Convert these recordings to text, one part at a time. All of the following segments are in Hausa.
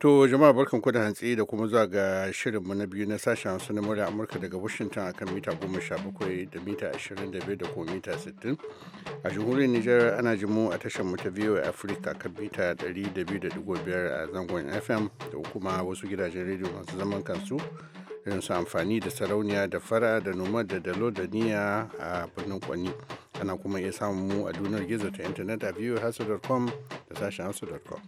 To jama'a barkan ku da hantsi da kuma zuwa ga shirinmu na biyu na sashen su na murya Amurka daga Washington akan mita 17 da mita 25 da kuma mita 60. A jamhuriyar Nijar ana mu a tashar mu ta VOA Africa kan mita 200.5 a zangon FM da kuma wasu gidajen rediyo masu zaman kansu irin su amfani da sarauniya da fara da noma da dalo da niya a birnin Kwani. Ana kuma iya samun mu a dunar gizo ta intanet a voahausa.com da sashen hasu.com.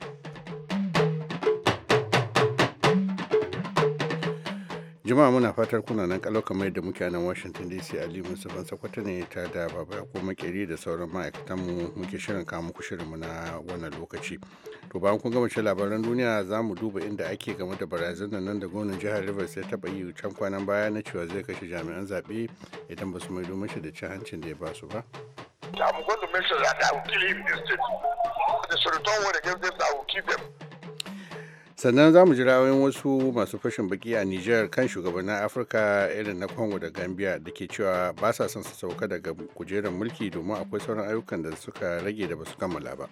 jama'a muna fatar kuna nan kalau kamar da muke nan washington dc ali musamman sakwata ne ta da baba ko makeri da sauran ma'aikatan mu muke shirin kamu muku shirin mu na wannan lokaci to bayan kun gama cin labaran duniya za mu duba inda ake game da barazanar nan da gwamnan jihar rivers ya taba yi can kwanan baya na cewa zai kashe jami'an zaɓe idan ba su mai domin shi da cin hancin da ya ba su ba. I'm going to make sure that I will kill him the state. The Sultan will against them, I will keep them. sannan za mu jira wasu masu fashin baki a niger kan shugabannin afirka irin na congo da gambia da ke cewa ba sa son su sauka daga kujerar mulki domin akwai sauran ayyukan da suka rage da ba su kammala ba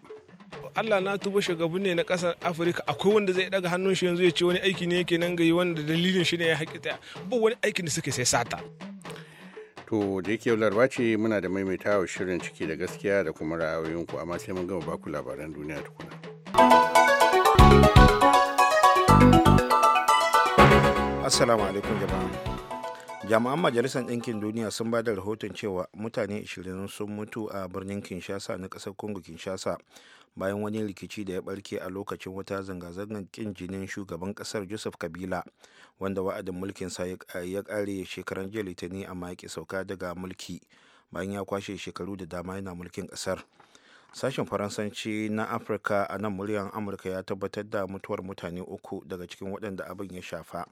Allah na tuba shugaban ne na kasar Afirka akwai wanda zai daga hannun shi yanzu ya ce wani aiki ne yake nan gayi wanda dalilin shi ne ya ta ba wani aikin da suke sai sata. To da yake larba ce muna da maimaitawa shirin ciki da gaskiya da kuma ra'ayoyinku amma sai mun gama baku labaran duniya tukuna. assalamu alaikum jama'a jami'an majalisar ɗinkin duniya sun ba da rahoton cewa mutane 20 sun mutu a birnin kinshasa na ƙasar congo kinshasa bayan wani rikici da ya barke a lokacin wata zanga-zangar ƙin jinin shugaban ƙasar joseph kabila wanda wa'adin mulkinsa ya ƙare shekaran jiya litinin amma ya sauka daga mulki bayan ya kwashe shekaru da dama yana mulkin ƙasar sashen faransanci na afirka a nan muryar amurka ya tabbatar da mutuwar mutane uku daga cikin waɗanda abin ya shafa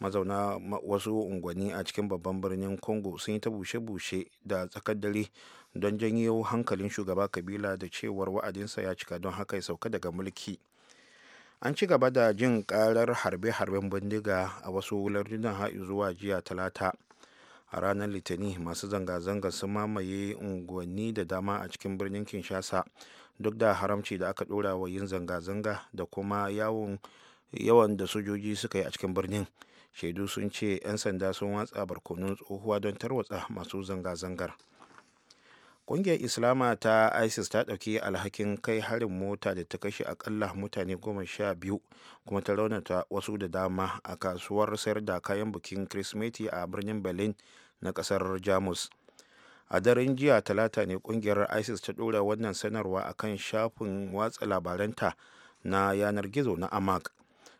mazauna wasu unguwanni a cikin babban birnin congo sun yi ta bushe-bushe da tsakar dare don janyo hankalin shugaba kabila da cewar wa'adinsa ya cika don haka ya sauka daga mulki an ci gaba da jin karar harbe-harben bindiga a wasu lardunan ha'i zuwa jiya talata a ranar litinin masu zanga-zanga sun mamaye unguwanni da dama a cikin birnin kinshasa duk da haramci da aka dora wa yin zanga-zanga da kuma yawon yawan da sojoji suka yi a cikin birnin shaidu sun ce 'yan sanda sun watsa barkonun tsohuwa don tarwatsa masu zanga-zangar ƙungiyar islama ta isis ta ɗauki alhakin kai harin mota da ta kashe akalla mutane goma sha biyu kuma ta raunata wasu da dama a kasuwar sayar da kayan bikin kirismeti a birnin berlin na ƙasar jamus a daren jiya talata ne ƙungiyar isis ta ɗora wannan sanarwa akan shafin watsa labaranta na yanar gizo na amak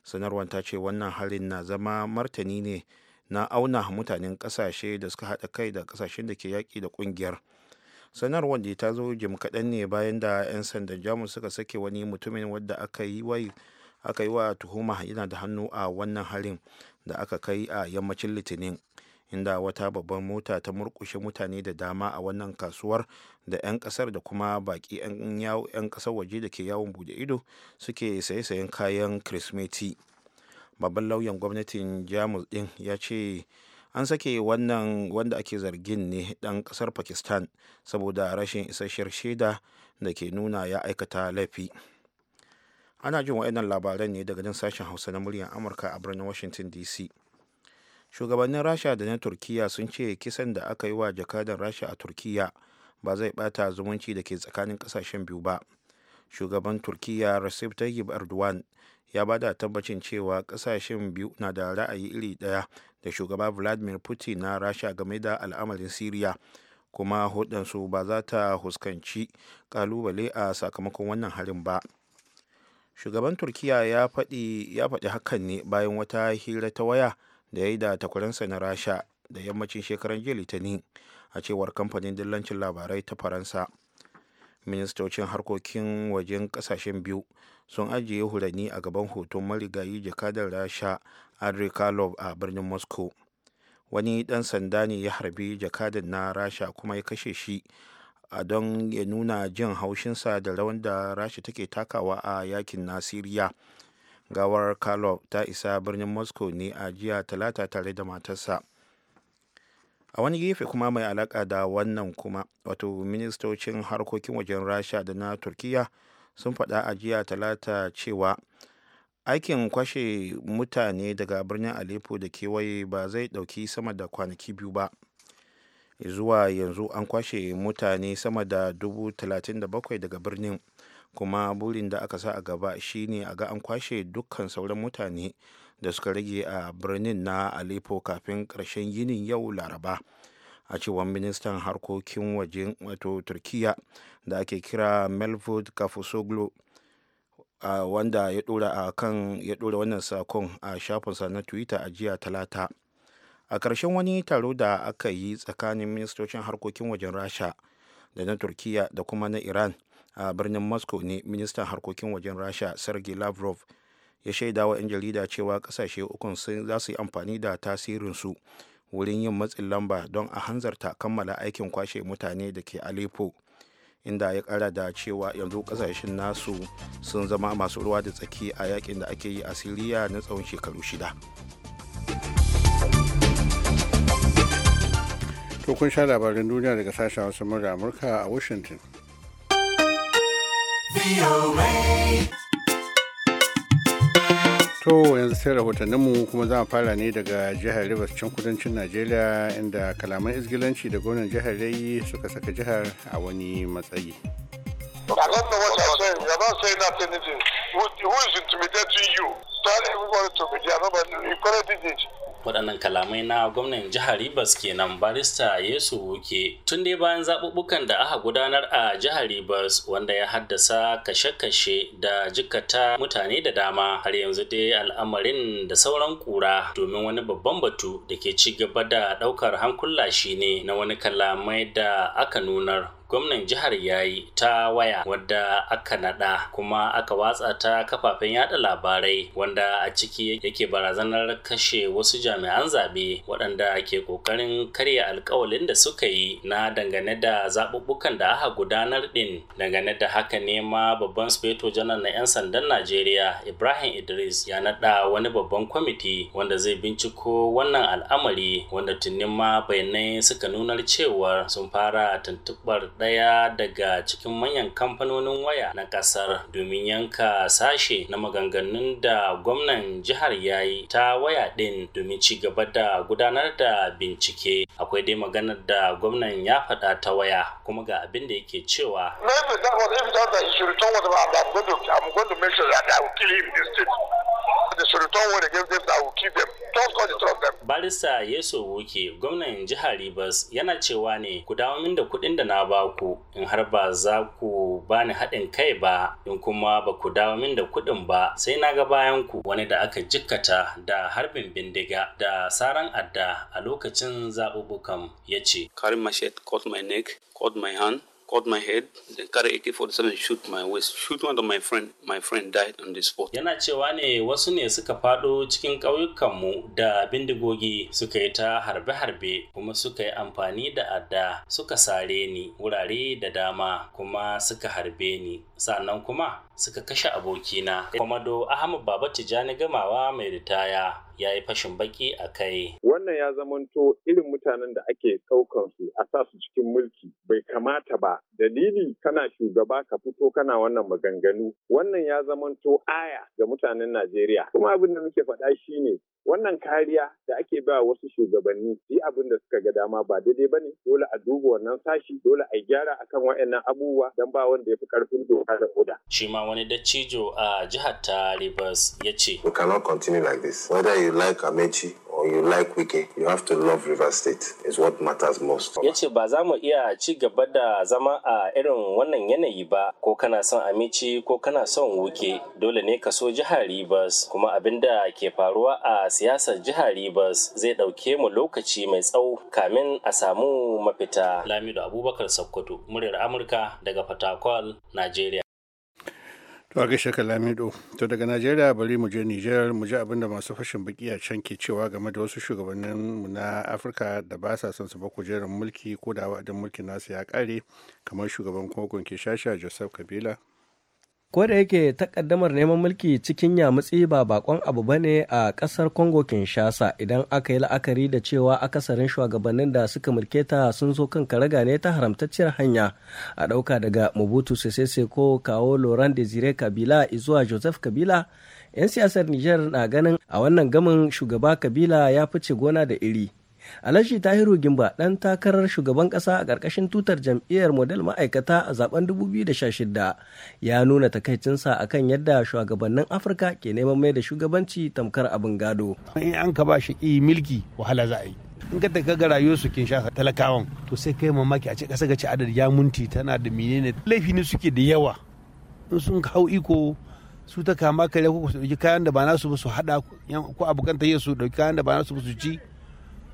sanarwar ta ce wannan harin na zama martani ne na auna mutanen kasashe da suka haɗa kai da kasashen da ke yaƙi da ƙungiyar sanarwar da ta zo jim kaɗan ne bayan da 'yan sandan jamus suka sake wani mutumin wadda aka yi aka yi wa tuhuma yana da hannu a wannan harin da aka kai a yammacin litinin inda wata babbar mota ta murkushe mutane da dama a wannan kasuwar da 'yan kasar da kuma baki 'yan kasar waje da ke yawon bude ido suke saye-sayen kayan kirismeti babban lauyan gwamnatin jamus din ya ce an sake wannan wanda ake zargin ne dan kasar pakistan saboda rashin isasshiyar shaida da ke nuna ya aikata laifi ana jin waɗannan labaran ne daga nan sashen hausa na muryar amurka a birnin washington dc shugabannin rasha da na turkiya sun ce kisan da aka yi wa jakadar rasha a turkiya ba zai bata zumunci da ke tsakanin kasashen biyu ba shugaban turkiya recep tayyip erdogan ya ba da tabbacin cewa kasashen biyu na da ra'ayi iri daya da shugaba vladimir putin na rasha game da al'amarin syria kuma hudansu ba za ta huskanci kalubale a sakamakon wannan harin ba shugaban turkiya ya faɗi hakan ne bayan wata hira ta waya da ya yi da takwaransa na rasha da yammacin shekaran jiya litinin a cewar kamfanin dillancin labarai ta faransa ministocin harkokin wajen kasashen biyu sun ajiye hurani a gaban hoton marigayi jakadar rasha andrei karlov a birnin moscow wani dan sanda ne ya harbi jakadar na rasha kuma ya kashe shi a don ya nuna jin haushinsa da rawan da rasha take takawa a yakin na siriya gawar karlov ta isa birnin moscow ne a jiya talata tare da matarsa a wani gefe kuma mai alaka da wannan kuma wato ministocin harkokin wajen rasha da na turkiya sun faɗa a jiya talata cewa aikin kwashe mutane daga birnin aleppo da kewaye ba zai ɗauki sama da kwanaki biyu ba zuwa yanzu an kwashe mutane sama da dubu talatin da bakwai daga birnin kuma burin da aka sa a gaba shine a ga an kwashe dukkan sauran mutane da suka rage a birnin na aleppo kafin ƙarshen yinin yau laraba a cewar ministan harkokin wajen wato turkiya da ake kira melvod kafusoglu wanda ya dora a kan ya dora wannan sakon a shafinsa na twitter a jiya talata a ƙarshen wani taro da aka yi tsakanin ministocin harkokin wajen rasha da na turkiya da kuma na iran a birnin moscow ne ministan harkokin wajen rasha sergei lavrov ya shaida wa 'yan jarida cewa kasashe ukun za su yi amfani da tasirinsu wurin yin matsin lamba don a hanzarta kammala aikin kwashe mutane da ke aleppo inda ya kara da cewa yanzu kasashen nasu sun zama masu ruwa da tsaki a yakin da ake yi a siriya na tsawon shekaru shida to kun sha labarin duniya daga sashen wasu murya amurka a washington To yanzu sai rahotanninmu kuma za a fara ne daga jihar Rivers can kudancin Najeriya inda kalaman izgilanci da gwamnan jihar Rai suka saka jihar a wani matsayi. Who is intimidating you? Tell everybody to be there. Nobody, you corrected it. waɗannan kalamai na gwamnan jihar Rivers kenan barista Yesu Wuke tun dai bayan zaɓuɓɓukan da aka gudanar a jihar Rivers wanda ya haddasa kashe-kashe da jikata mutane da dama har yanzu dai al'amarin da sauran kura domin wani babban batu da ke cigaba da ɗaukar hankula shine na wani kalamai da aka nunar gwamnan jihar yayi ta waya wadda aka nada kuma aka watsa ta kafafen yada labarai wanda a ciki yake barazanar kashe wasu jami'an zabe waɗanda ke ƙoƙarin karya alkawalin da suka yi na dangane da zaɓuɓɓukan da aka gudanar ɗin dangane da haka ne ma babban speto janar na 'yan sandan najeriya ibrahim idris ya naɗa wani babban kwamiti wanda zai binciko wannan al'amari wanda tunin ma bayanai suka nunar cewa sun fara tuntuɓar ɗaya daga cikin manyan kamfanonin waya na ƙasar domin yanka sashe na maganganun da gwamnan jihar yayi ta waya ɗin domin ci gaba da gudanar da bincike. Akwai dai maganar da gwamnan ya faɗa ta waya kuma ga abin da yake cewa. Maybe that was if the I'm going to that I will da should return what they will keep Trust Barista Yeso Woke, gwamnan jihar Ribas yana cewa ne ku dawo min da kuɗin da na ba ku in har ba za ku bani haɗin kai ba in kuma ba ku dawo min da kuɗin ba sai na ga bayan ku wani da aka jikkata da harbin bindiga da saran adda a lokacin zaɓuɓɓukan ya ce. Karin mashet kot my neck, kot my hand, caught my head, then carry AK-47 shoot my waist. Shoot one of my friend. My friend died on the spot. Yana cewa ne wasu ne suka faɗo cikin ƙauyukanmu da bindigogi suka yi ta harbe-harbe kuma suka yi amfani da adda suka sare ni wurare da dama kuma suka harbe ni. Sannan kuma suka kashe abokina. Kwamado Ahmad Baba Tijjani Gamawa mai ritaya ya yi fashin baki a kai. Wannan ya zamanto irin mutanen da ake ɗaukar su a sa su cikin mulki bai kamata ba. Dalili kana shugaba ka fito kana wannan maganganu. Wannan ya zamanto aya ga mutanen Najeriya. Kuma abin da muke faɗa shine wannan kariya da ake ba wasu shugabanni yi abin da suka ga dama ba daidai ba ne dole a duba wannan sashi dole a gyara akan waɗannan abubuwa don ba wanda ya fi karfin doka da oda. shi ma wani dattijo a jihar ta rivers ya ce. we cannot continue like this whether you like amechi or you like Wike, you have to love River State is what matters most. Ya ce ba za mu iya ci gaba da zama a irin wannan yanayi ba ko kana son Amici ko kana son Wuke dole ne ka so jihar Rivers kuma abin da ke faruwa a siyasar jihar Rivers zai ɗauke mu lokaci mai tsawo kamin a samu mafita. Lamido Abubakar Sokoto, muryar Amurka daga Fatakwal, Najeriya. ba gaishe kalamido to daga najeriya bari mu je nijar mu ji abinda masu fashin baki a can ke cewa game da wasu shugabannin mu na afirka da ba sa son su ba kujerar mulki ko da wa'adin mulkin nasu ya kare kamar shugaban kogon shasha joseph kabila Ko da yake takaddamar neman mulki cikin yamutsi ba bakon abu ba ne a ƙasar Congo Kinshasa idan aka yi la'akari da cewa akasarin shugabannin da suka mulke ta sun zo kan karaga ne ta haramtacciyar hanya a ɗauka daga Mobutu Sese ko kawo Laurent Desire Kabila zuwa Joseph Kabila. 'Yan siyasar Nijar na ganin a wannan gamin shugaba Kabila ya fice gona da iri. Alhaji Tahiru Gimba ɗan takarar shugaban ƙasa a ƙarƙashin tutar jam'iyyar model ma'aikata a zaben 2016 ya nuna takaicinsa akan yadda shugabannin Afirka ke neman mai da shugabanci tamkar abin gado. In an ka ba shi milki wahala za a yi. in ka taka ga rayuwarsu shafa talakawan to sai kai mamaki a ce kasa gaci adad ya munti tana da menene laifi ne suke da yawa in sun hau iko su ta kama kare ko su dauki kayan da ba nasu ba su hada ko abokan ta su dauki kayan da ba nasu ba su ci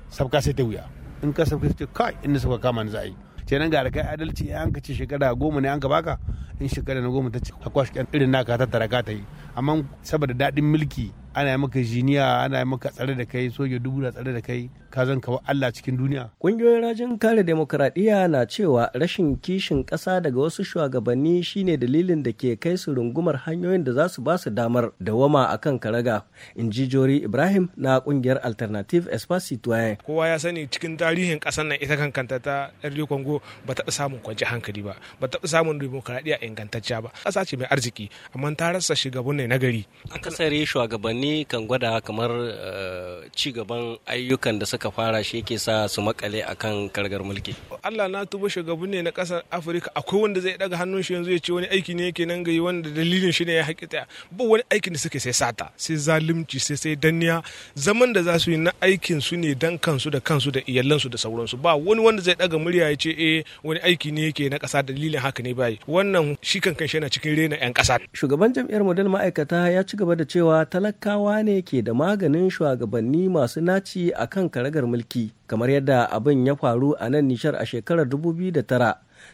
sabka sai ta wuya in ka sabka sai kai inda suka kama ni za a yi kenan ga da kai adalci an ka ce shekara goma ne an ka baka in shekara na goma ta ce akwai irin naka ta tara ka ta yi amma saboda daɗin mulki ana yi maka jiniya ana yi maka tsare da kai soja dubu na tsare da kai ka zan kawo Allah cikin duniya. Ƙungiyoyin rajin kare demokuraɗiyya na cewa rashin kishin ƙasa daga wasu shugabanni shine dalilin da ke kai su rungumar hanyoyin da za su ba su damar dawama a kan karaga. In ji Jori Ibrahim na ƙungiyar Alternative Espace Citoyen. Kowa ya sani cikin tarihin ƙasar nan ita kankanta ta Erdi Congo ba taɓa samun kwanci hankali ba, ba taɓa samun demokuraɗiyya ingantacciya ba. Ƙasa ce mai arziki, amma ta rasa shugabanni na gari. Akasari shugabanni rahotanni kan gwada kamar eh, ci gaban ayyukan da suka fara shi yake sa su makale kan kargar mulki Allah na tuba shugaban ne na kasar Afirka akwai wanda zai daga hannun shi yanzu ya ce wani aiki ne yake nan gayi wanda dalilin shi ne ya haƙita ba wani aikin da suke sai sata sai zalunci sai sai danniya zaman da za su yi na aikin su ne dan kansu da kansu da iyalansu da sauransu ba wani wanda zai daga murya ya ce eh wani aiki ne yake na kasa dalilin haka ne bai wannan shi kankan shi yana cikin rena yan kasa shugaban jam'iyyar model ma'aikata ya ci gaba da cewa talaka talakawa ne ke da maganin shugabanni masu naci a kan karagar mulki kamar yadda abin ya faru a nan nishar a shekarar 2009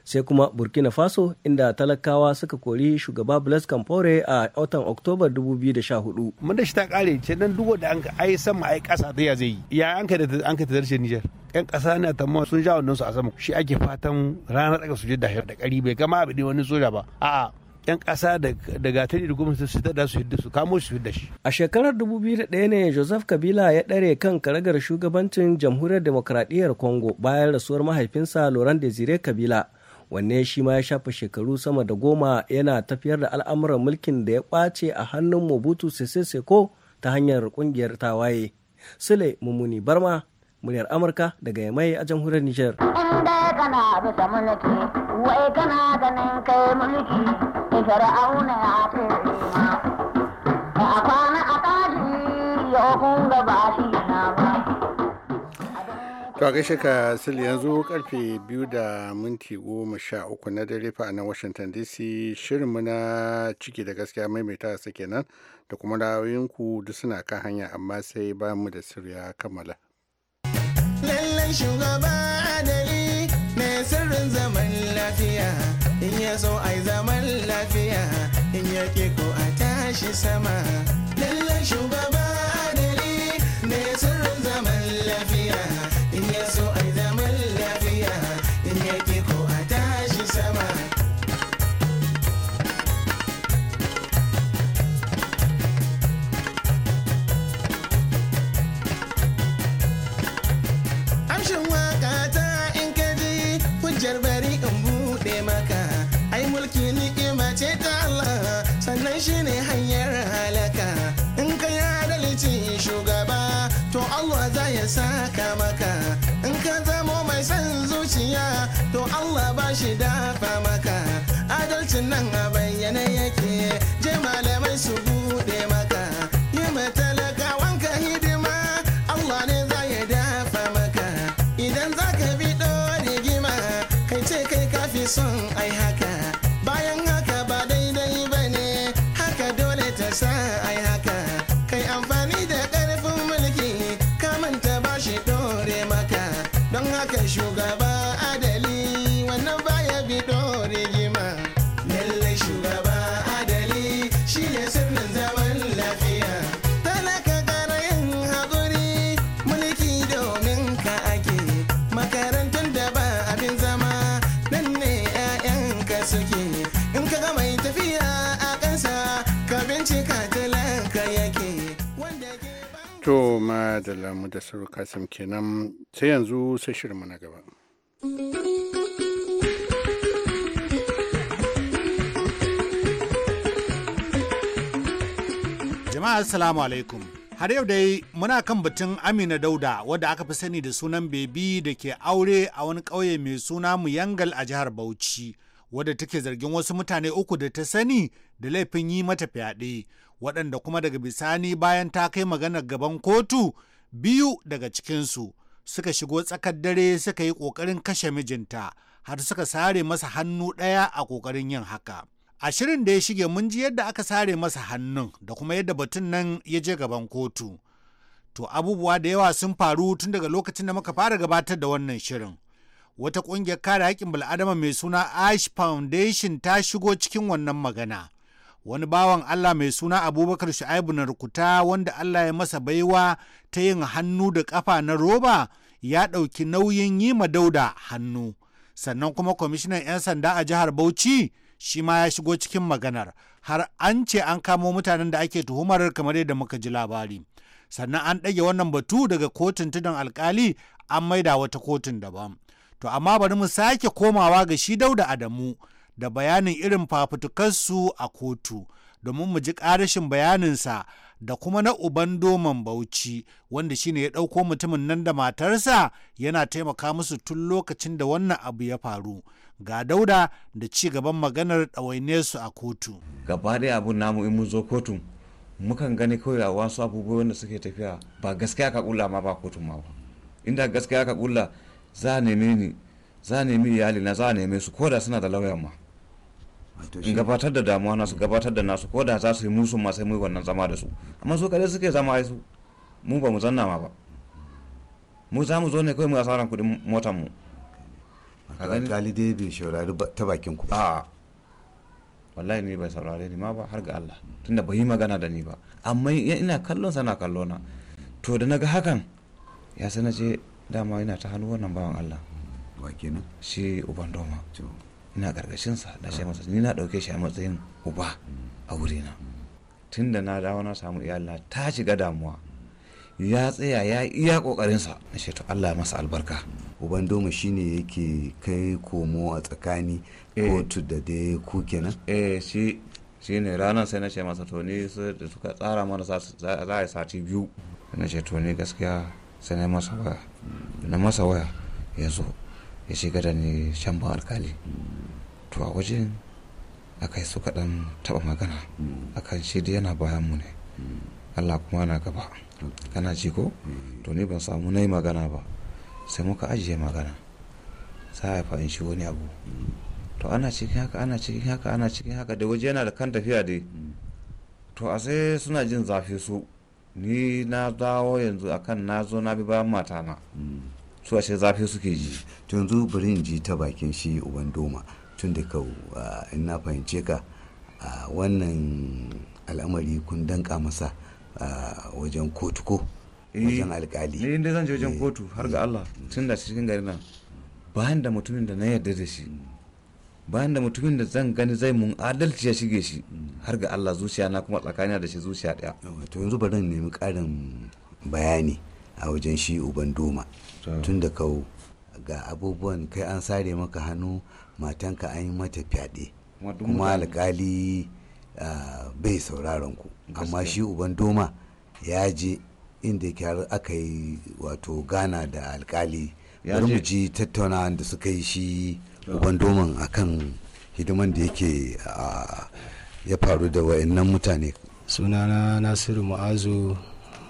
sai kuma burkina faso inda talakawa suka kori shugaba blaise kamfore a watan oktoba 2014 mun da shi ta kare ce nan duk da an ai sama ai kasa ta ya zai ya an ka da an ka darshe niger yan kasa ne ta sun ja wannan su a sama shi ake fatan ranar daga sujud da da kari bai gama abin wani soja ba a'a 'yan ƙasa da gatari da gwamnati su da su hidda su kamo su hidda shi. A shekarar 2001 ne Joseph Kabila ya ɗare kan karagar shugabancin jamhuriyar demokradiyyar Congo bayan rasuwar mahaifinsa Laurent Desire Kabila. Wanne shi ma ya shafa shekaru sama da goma yana tafiyar da al'amuran mulkin da ya ƙwace a hannun Mobutu Sese Seko ta hanyar kungiyar tawaye. Sule Mumuni Barma, muryar Amurka daga Yamai a jamhuriyar Nijar. In kana mulki, wai kana ganin kai mulki. fir'auna ya ma a kwana a taji ya gaba ba shi na ba To a gaishe ka yanzu karfe biyu da minti goma sha uku na dare fa nan Washington DC shirinmu na ciki da gaskiya maimaita su kenan da kuma ra'ayoyinku duk suna kan hanya amma sai ba mu da sirya kammala. Lallan shugaba adali mai sirrin zaman lafiya. ya so ai zaman lafiya in yake ko a tashi sama lallan shugaba சின்னங்க பையனே da lamu da Kasim kenan sai yanzu sai shirinmu na gaba. Jama'a Assalamu alaikum. Har yau dai muna kan batun Amina Dauda wadda aka fi sani da sunan Bebi da ke aure a wani ƙauye mai suna Muyangal a jihar Bauchi. wadda take zargin wasu mutane uku da ta sani da laifin yi mata fyaɗe waɗanda kuma daga bisani bayan ta kai magana gaban kotu biyu daga cikinsu suka shigo tsakar dare suka yi ƙoƙarin kashe mijinta har suka sare masa hannu ɗaya a ƙoƙarin yin haka. A shirin da ya shige mun ji yadda aka sare masa hannun da kuma yadda batun nan ya je gaban kotu. To abubuwa da yawa sun faru tun daga lokacin da muka fara gabatar da wannan shirin. Wata ƙungiyar kare haƙƙin bil'adama mai suna Ash Foundation ta shigo cikin wannan magana. wani bawan Allah mai suna abubakar shu'aibu na rukuta wanda Allah ya masa baiwa ta yin hannu da ƙafa na roba ya ɗauki nauyin yi ma dauda hannu sannan kuma kwamishinan 'yan sanda a jihar bauchi shi ma ya shigo cikin maganar har an ce an kamo mutanen da ake tuhumar kamar yadda muka ji labari sannan an ɗage wannan batu daga kotun tudun alkali an maida wata kotun daban to amma bari mu sake komawa ga shi dauda adamu da bayanin irin fafutukarsu a kotu domin mu ji ƙarashin bayaninsa da kuma na uban doman bauchi wanda shine ya ɗauko mutumin nan da matarsa yana taimaka musu tun lokacin da wannan abu ya faru ga dauda da ci gaban maganar ɗawaine su a kotu gaba ɗaya abun namu in mun zo kotu mukan gani kawai a wasu abubuwa wanda suke tafiya ba gaskiya ka kula ma ba kotun ma ba inda gaskiya ka kula za a neme ni za a nemi iyalina za a neme su ko da suna da lauyan ma gabatar da damuwa nasu gabatar da nasu ko da za su yi musu ma sai mu wannan zama da su amma su kare suke zama ai su mu ba mu zanna ma ba mu za mu zo ne kawai mu asaran kudin motar mu alƙali dai bai shaurari ta bakin ku a wallahi ni bai saurare ni ma ba har ga Allah tunda bai yi magana da ni ba amma ina kallon sana kallo na to da naga hakan ya sanace ce dama ina ta hannu wannan bawan Allah wa kenan shi uban doma ina sa na shi masa ni na ɗauke shi a matsayin uba a wurina tun da na dawo na samu iyalina ta shiga damuwa ya tsaya ya iya ƙoƙarinsa na shi to Allah masa albarka uban doma shine yake kai komo a tsakani eh. kotu da dai ku kenan eh shi shi ne ranar sai na ce masa to ni da suka tsara mana za a yi sati biyu na ce to ni gaskiya sai na masa waya na masa waya ya zo ya shiga da ni shamban alkali to a wajen aka yi su kaɗan taɓa magana mm. a kan shi da yana bayan mu ne mm. allah kuma na gaba kana ji ko mm. to ni ban samu na yi magana ba sai muka ajiye magana sai haifa in shi wani abu to ana cikin haka ana cikin haka ana cikin haka da waje yana da kan tafiya dai to a sai suna jin zafi su ni na dawo yanzu akan na zo na bi bayan matana su a zafi suke ji yanzu bari in ji ta bakin shi uban doma tun da kau in na fahimce ka wannan al'amari kun danka masa wajen kotu ko eh, wajen alkali ne eh, inda zan je wajen eh, kotu har ga Allah mm. tun da cikin gari nan bayan da mutumin da na yarda da shi bayan da mutumin da zan gani zai mun adalci ya shige shi mm. har ga Allah zuciya na kuma tsakanina da shi zuciya daya to yanzu bari nemi karin bayani a wajen shi uban doma tun da kawo ga abubuwan kai an sare maka hannu matanka an yi mata fyaɗe kuma alkali bai sauraron ku amma shi uban doma ya je inda har aka yi wato gana da alkali bari mu ji tattauna da suka yi shi uban doman kan hidiman da yake ya faru da wayannan mutane sunana nasiru mu'azu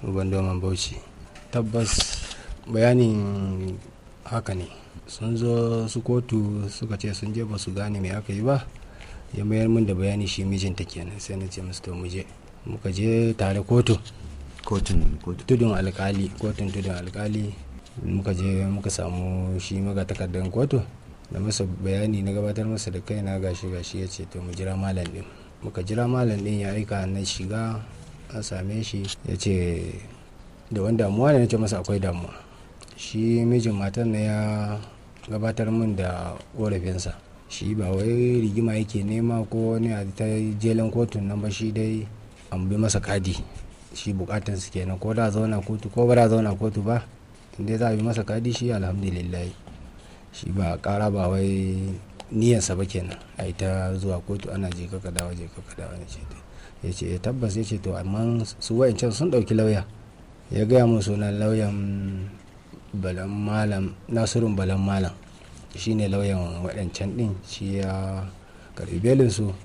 uban doman bauchi tabbas bayanin haka ne sun zo su kotu suka ce sun je ba su gane mai aka yi ba ya mayar min da bayani shi mijinta kenan sai na ce musu to mu je muka je tare kotu kotun tudun alkali kotun tudun alkali muka je muka samu shi maga takardar kotu da masa bayani na gabatar masa da kaina gashi gashi ya ce to mu jira malam din muka jira malam din ya aika na shiga a same shi ya ce da wani damuwa ne nace masa akwai damuwa shi mijin matan na ya gabatar min da korafinsa shi ba wai rigima yake nema ko wani a ta jelen kotun nan ba shi dai an bi masa kadi shi bukatan su kenan ko da zauna kotu ko ba da zauna kotu ba inda za a bi masa kadi shi alhamdulillah shi ba kara ba wai niyansa ba kenan a ita zuwa kotu ana je kaka dawa je kaka dawa ne ce ya ce eh, tabbas ya ce to amma su wayancan sun dauki lauya ya gaya mun sunan lauyan balan malam nasirun balan malam shine lauyan waɗancan ɗin shi ya karbi belinsu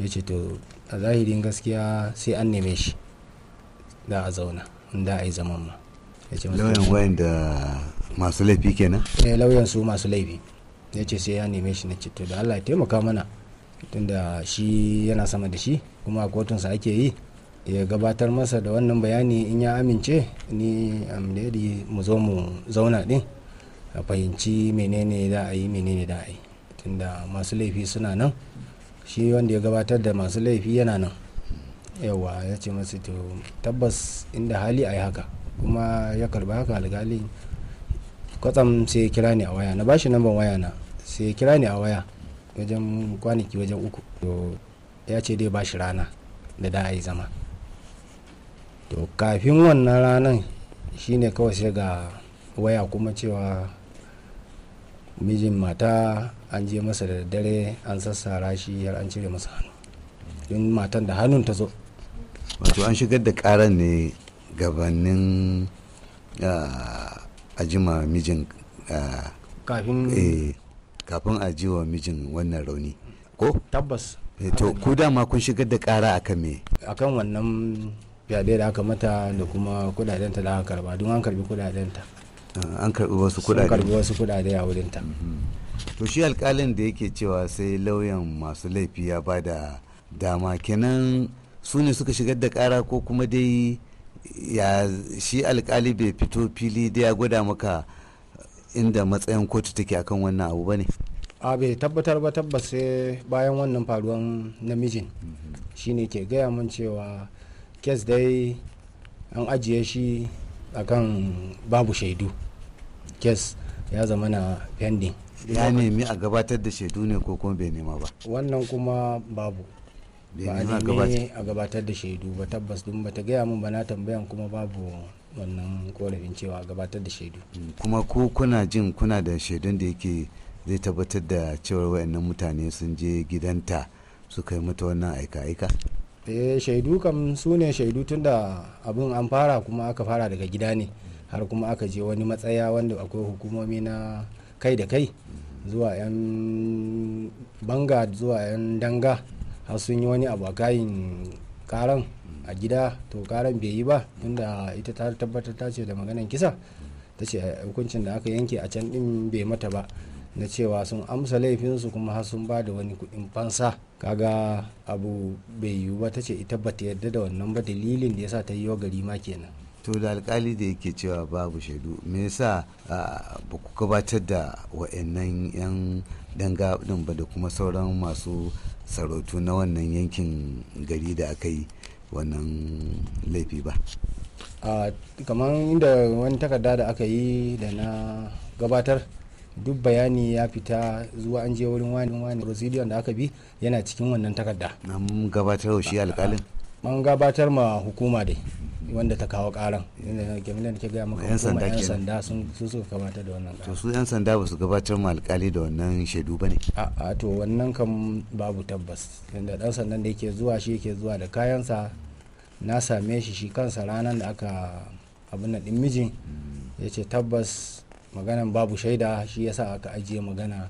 ya ce to a zahirin gaskiya sai an neme shi da a zauna da a yi zaman ma lauyan wayan da masu laifi kenan ne eh, lauyan su masu laifi ya ce sai an neme shi na ce to da allah ya taimaka mana tunda shi yana sama da shi kuma a kotunsa ake yi ya gabatar masa da wannan bayani in ya amince ni amdadi um, mu zo mu zauna din a fahimci menene da a yi menene da a yi tunda masu laifi suna nan shi wanda ya gabatar da masu laifi yana nan yawa ya ce masu to tabbas inda hali a yi haka kuma ya karba haka algali kwatsam sai ya kira ni a waya na ba shi namban waya na sai ya kira ni a waya wajen kwanaki wajen uku ya ce dai ba shi rana da da a yi zama to kafin wannan ranar shine kawai sai ga waya kuma cewa mijin mata an je masa da dare an sassara shi har an cire masa hannu don matan da hannun ta zo wato an shigar da karan ne gabanin a jima mijin eh, kafin a jiwa mijin wannan rauni ko tabbas eh, to ku dama kun shigar da kara akan me akan wannan fyaɗe da aka mata da kuma ta da aka karba don an karbi ta an karbi wasu kudade karbi wasu kudade a wurin ta to shi alkalin da yake cewa sai lauyan masu laifi ya bada dama kenan su ne suka shigar da kara ko kuma dai ya shi alkali bai fito fili da ya gwada maka inda matsayin kotu take akan wannan abu bane a bai tabbatar ba tabbas sai bayan wannan faruwan namijin mhm. shine ke gaya mun cewa kes dai an ajiye shi a kan babu shaidu kes ya zama na pending ya nemi a gabatar da shaidu ne ko kuma bai nema ba wannan kuma babu ba a nemi a gabatar da shaidu ba tabbas dun ba ta gaya min ba na tambayan kuma babu wannan korafin cewa gabatar da shaidu hmm, kuma ko kuna jin kuna da shaidun da yake zai tabbatar da cewar wayannan mutane sun je gidanta suka yi mata wannan aika-aika eh shaidu kam su ne shaidu tunda abin an fara kuma aka fara daga gida ne har kuma aka je wani matsaya wanda akwai hukumomi na kai da kai zuwa 'yan banga zuwa 'yan danga har sun yi wani abu a kayin karan a gida to karan bai yi ba tunda ita ta tabbatar ta ce da maganan kisa ta ce hukuncin da aka yanke a can din bai mata ba na cewa sun amsa laifinsu kuma har sun ba da wani kuɗin fansa kaga abu bai yiwu ba ta ce ita ta yarda da wannan ba dalilin da yasa ta yi wa gari ma kenan to da alkali da yake cewa babu shaidu me yasa ba ku gabatar da wa'annan yan danga din ba da kuma sauran masu sarautu na wannan yankin gari da aka yi wannan laifi ba kamar inda wani takarda da aka yi da na gabatar duk bayani ya fita zuwa an je wurin wani wani procedure da aka bi yana cikin wannan takarda mun gabatar shi alkalin mun gabatar ma hukuma dai wanda ta kawo karan game da ke gaya maka yan sanda yan sanda sun su kamata da wannan to su yan sanda ba su gabatar ma alkali da wannan shaidu ba ne a to wannan kam babu tabbas da dan sandan da yake zuwa shi yake zuwa da kayansa na same shi shi kansa ranar da aka abin nan din mijin yace tabbas maganan babu shaida shi yasa aka ajiye magana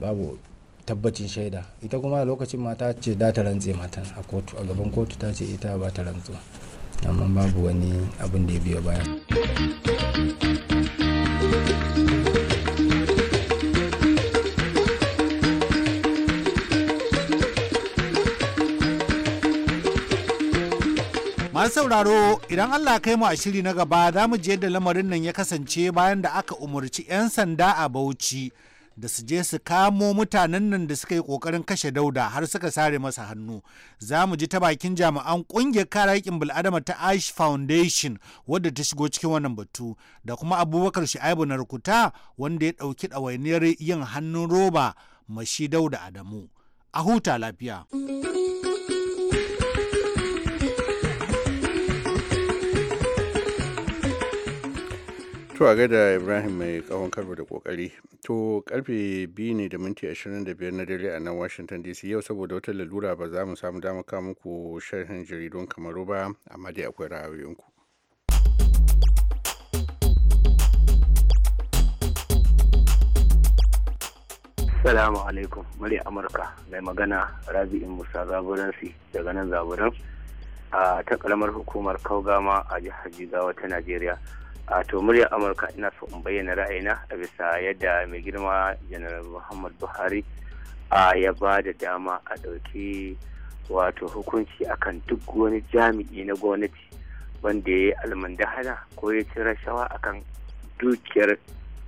babu tabbacin shaida ita kuma lokacin mata ce da ta rantse matan a kotu a gaban kotu ta ce ita ba ta rantsu amma babu wani abin da ya biyo baya masu sauraro idan allah kai mu a shiri na gaba za mu je da lamarin nan ya kasance bayan da aka umarci 'yan sanda a bauchi da su je su kamo mutanen nan da suka yi kokarin kashe dauda har suka sare masa hannu za mu ji ta bakin jami'an kungiyar kare haƙƙin bil'adama ta ash foundation wadda ta shigo cikin wannan batu da kuma abubakar shu'aibu na rukuta wanda ya ɗauki ɗawainiyar yin hannun roba mashi dauda adamu a huta lafiya. To a gaida Ibrahim mai kawon karfe da kokari. To karfe biyu ne da minti 25 na dare a nan Washington DC yau saboda wata lalura ba za mu samu damar kawo muku sharhin jaridun kamaru ba amma dai akwai ra'ayoyinku. Salamu alaikum, mali Amurka mai magana Rabi'in Musa Zaburansi daga nan Zaburan a ta karamar hukumar Kaugama a jihar Jigawa ta Najeriya. a to muryar amurka ina so in bayyana ra'ayina a bisa yadda mai girma janar muhammad buhari a ya ba da dama a ɗauki wato hukunci akan duk wani jami'i na gwamnati wanda ya yi almandahana ko ya ci rashawa akan dukiyar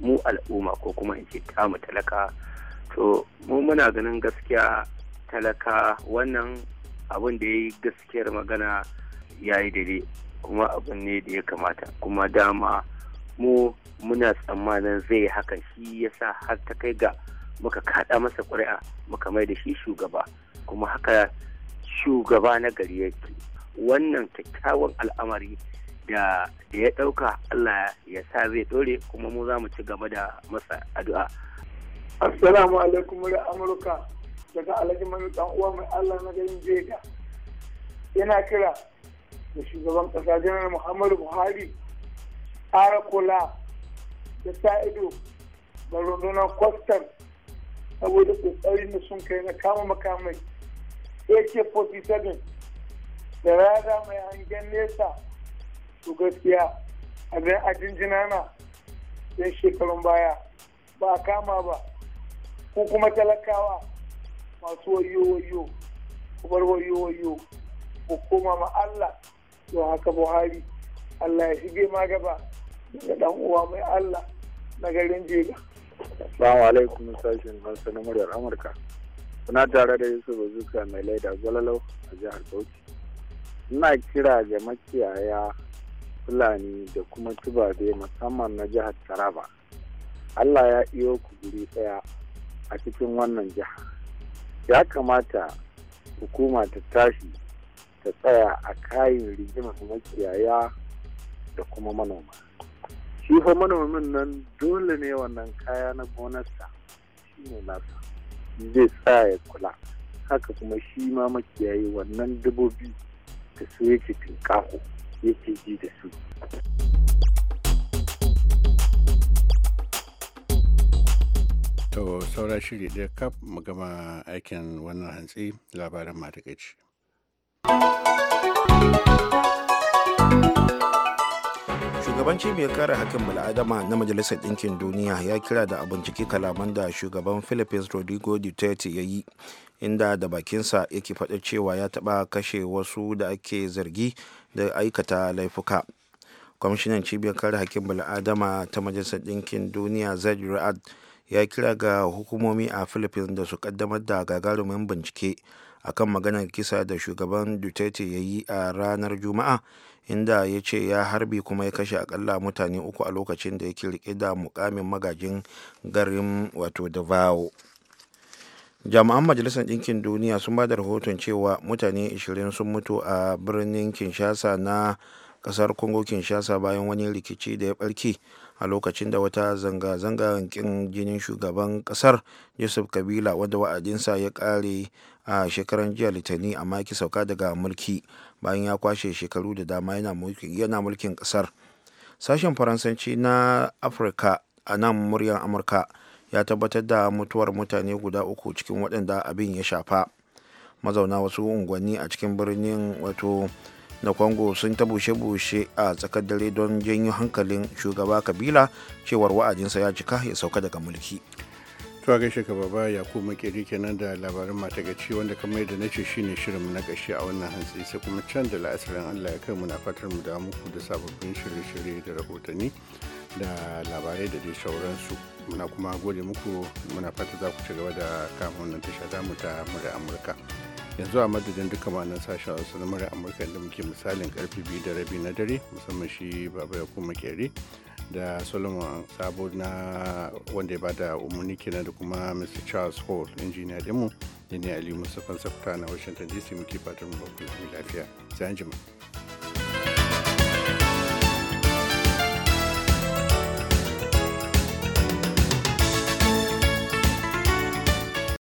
mu al'umma ko kuma in ce tamu talaka to mu muna ganin gaskiya talaka wannan abin da ya yi gaskiyar magana ya yi daidai kuma abin ne da ya kamata kuma dama mu muna tsammanin zai haka shi yasa har ta kai ga muka kaɗa masa ƙuri'a muka mai da shi shugaba kuma haka shugaba na gari yake wannan kyakkyawan al'amari da ya ɗauka Allah ya sa zai ɗore kuma mu za mu ci gaba da masa addu'a. Assalamu alaikum da Amurka daga Alhaji Manu uwa mai Allah na garin Jega. Yana kira da shugaban kasa janar muhammadu buhari ƙara kula da sa ido da rundunar kwastar saboda kokari da sun kai na kama makamai ak-47 da rada mai hangen nesa su gaskiya abin ajinjina na yan shekarun baya ba a kama ba ko kuma talakawa masu wayo-wayo kubar wayo-wayo ko koma ma Allah don haka buhari allah ya shige ma gaba daga dan uwa mai allah na garin jega salamu alaikum sashen Hausa na muryar Amurka. Suna tare da Yusuf Bazuka mai laida gwalalau a jihar Bauchi. Ina kira ga makiyaya Fulani da kuma Tubabe musamman na jihar Taraba. Allah ya iyo ku guri ɗaya a cikin wannan jiha. Ya kamata hukuma ta tashi ta tsaya a kayan rigimar makiyaya da kuma manoma shi fa manomin nan dole ne wannan kaya na gonarsa shi ne nasa zai tsaya ya kula haka kuma shi ma makiyayi wannan dubobi da su yake tinkaho yake ji da su to saura shiri ɗaya kaf mu gama aikin wannan hantsi labaran matakaici shugaban cibiyar kare hakkin bala'adama na majalisar ɗinkin duniya ya kira da abin ciki kalaman da shugaban philippines rodrigo duterte ya yi inda da bakinsa yake faɗa cewa ya taɓa kashe wasu da ake zargi da aikata laifuka kwamishinan cibiyar kare hakkin bala'adama ta majalisar ɗinkin duniya zaid ra'ad ya kira ga hukumomi a philippines da su kaddamar da gagarumin bincike a kan maganar kisa da shugaban duterte ya yi a ranar juma'a inda ya ce ya harbi kuma ya kashe akalla mutane uku a lokacin da yake rike da mukamin magajin garin wato davao jami'an majalisar ɗinkin duniya sun ba da rahoton cewa mutane 20 sun mutu a birnin kinshasa na kasar congo kinshasa bayan wani rikici da ya ɓarke a lokacin da wata zanga-zangar kin jinin shugaban kasar yusuf kabila wanda wa'adinsa ya kare a shekaran jiya litani amma yake sauka daga mulki bayan ya kwashe shekaru da dama yana mulkin kasar sashen faransanci na afirka a nan muryar amurka ya tabbatar da mutuwar mutane guda uku cikin waɗanda abin ya shafa mazauna wasu unguwanni a cikin birnin wato na congo sun ta bushe-bushe a tsakar dare don janyo hankalin shugaba kabila cewar wa'adinsa ya cika ya sauka daga mulki tuwa gaishe ka baba ya ku makeri kenan da labarin matagaci wanda kamar da na ce shine shirin na gashi a wannan hantsi sai kuma can da la'asirin allah ya kai muna fatar mu da muku da sababbin shirye-shirye da rahotanni da labarai da dai sauransu muna kuma gode muku muna fata za ku ci gaba da kama wannan tasha za mu ta murya amurka yanzu a madadin duka ma'anar sashen wasu na murya amurka da muke misalin karfi biyu da rabi na dare musamman shi baba ya ku makeri da solomon sabo na wanda ya bada umarni kenan da kuma mr charles hall injiniya dinmu da ne ali musa sakuta na washington dc muke fatan mu lafiya sai an jima